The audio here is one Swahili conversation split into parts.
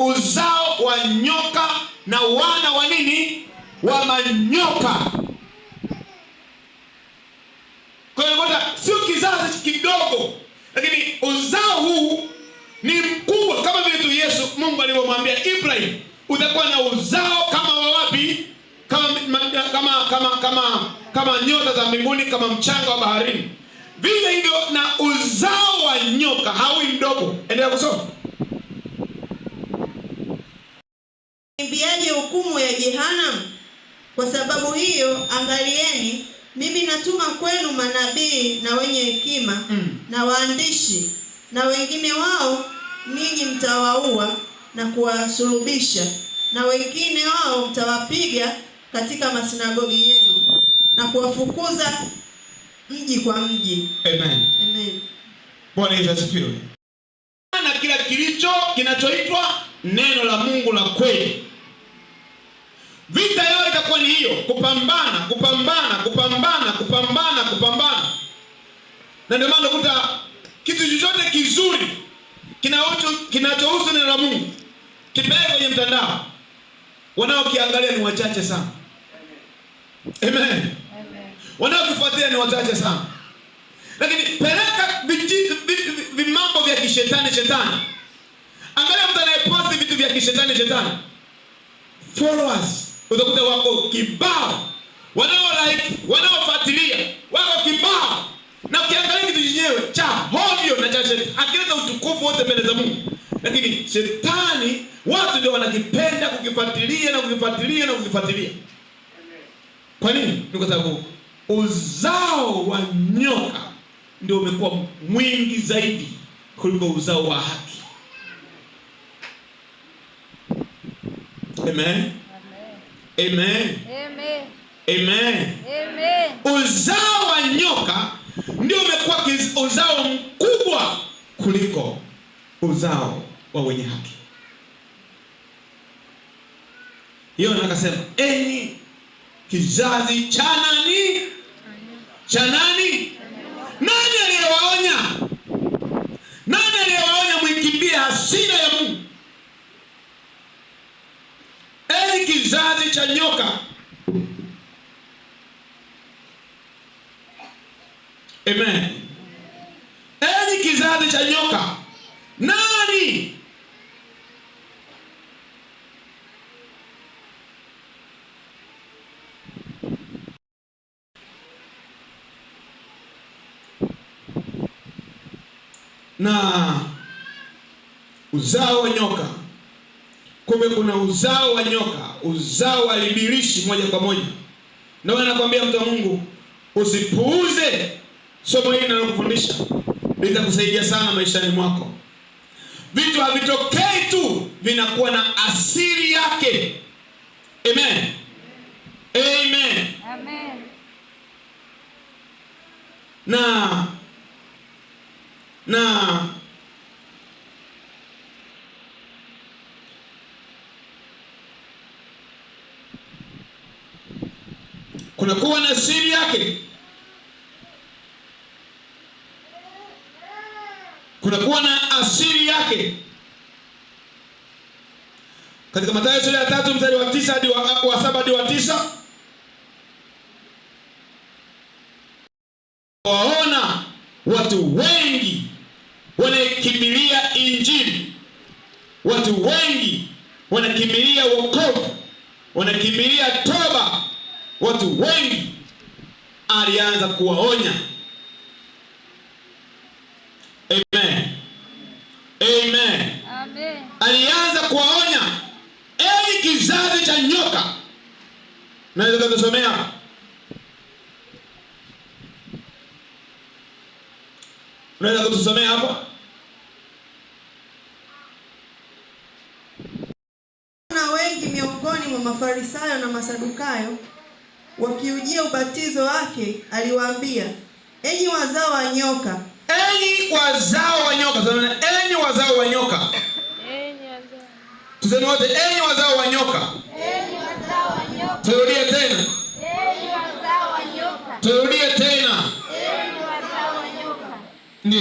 uzao wa nyoka na wana wa nini, wa manyoka. Kwa hiyo sio kizazi kidogo, lakini uzao huu ni mkubwa, kama vile tu Yesu Mungu alivyomwambia Ibrahim, utakuwa na uzao kama wa wapi? Kama, kama, kama, kama, kama nyota za mbinguni, kama mchanga wa baharini. Vile hivyo na uzao wa nyoka hawi mdogo. Endelea kusoma. Kimbiaje hukumu ya jehanamu? Kwa sababu hiyo, angalieni, mimi natuma kwenu manabii na wenye hekima mm. na waandishi, na wengine wao ninyi mtawaua na kuwasulubisha, na wengine wao mtawapiga katika masinagogi yenu na kuwafukuza mji kwa mji. Amen. Amen. Bwana Yesu asifiwe. Na kila kilicho kinachoitwa neno la Mungu la kweli Vita yao itakuwa ni hiyo, kupambana, kupambana, kupambana, kupambana, kupambana. Na ndio maana kuta kitu chochote kizuri kinachohusu neno la Mungu kipeleke kwenye mtandao, wanaokiangalia ni wachache sana. Amen, amen. Wanaokifuatilia ni wachache sana, lakini peleka vimambo vya kishetani shetani. Angalia mtu anayeposti vitu vya kishetani shetani, followers utakuta wako kibao, wanao like, wanaofuatilia wako kibao, na ukiangalia kitu chenyewe cha hovyo na cha shetani, akileta utukufu wote mbele za Mungu, lakini shetani, watu ndio wanakipenda kukifuatilia na kukifuatilia na kukifuatilia. Kwa nini? Ni kwa sababu uzao wa nyoka ndio umekuwa mwingi zaidi kuliko uzao wa haki. Amen. Amen. Amen. Amen. Uzao wa nyoka ndio umekuwa uzao mkubwa kuliko uzao wa wenye haki. Hiyo nakasema enyi kizazi cha nani? Cha nani? Nani aliyewaonya? Nani aliyewaonya mwikimbie hasira ya kizazi cha nyoka. Amen. Enyi kizazi cha nyoka, nani na uzao wa nyoka Kumbe kuna uzao wa nyoka, uzao wa ibilisi moja kwa moja. Ndio anakwambia nakwambia mtu wa Mungu, usipuuze somo hili ninalokufundisha, litakusaidia sana maishani mwako. Vitu havitokei tu, vinakuwa na asili yake. Amen. Amen. Amen. Na na kunakuwa na siri yake, kunakuwa na asili yake. Katika matayo sura ya tatu mstari wa tisa hadi wa saba hadi wa tisa waona watu wengi wanakimbilia Injili, watu wengi wanakimbilia wokovu, wanakimbilia toba watu wengi alianza kuwaonya. Amen. Amen. Amen. Alianza kuwaonya, enyi kizazi cha nyoka. Naweza kazosomea unaweza kutusomea hapo? Na wengi miongoni mwa Mafarisayo na Masadukayo wakiujia ubatizo wake aliwaambia, enyi wazao wa nyoka, enyi wazao wa nyoka, enyi wazao wa nyoka, tuseme wote, enyi wazao wa nyoka. Turudie tena, turudie tena, ndio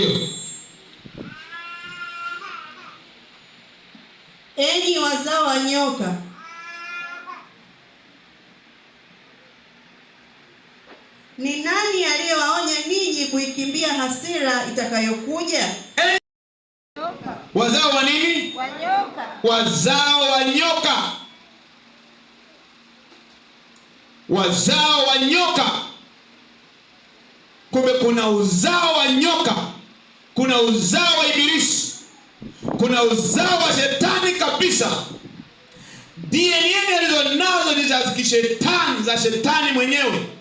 enyi wazao wa nyoka Ni nani aliyewaonya ninyi kuikimbia hasira itakayokuja? Wazao wa nini? Wazao wa nyoka. Wazao wa nyoka. Kumbe kuna uzao wa nyoka, kuna uzao wa Ibilisi, kuna uzao wa shetani kabisa. DNA nazo ni za kishetani, za shetani mwenyewe.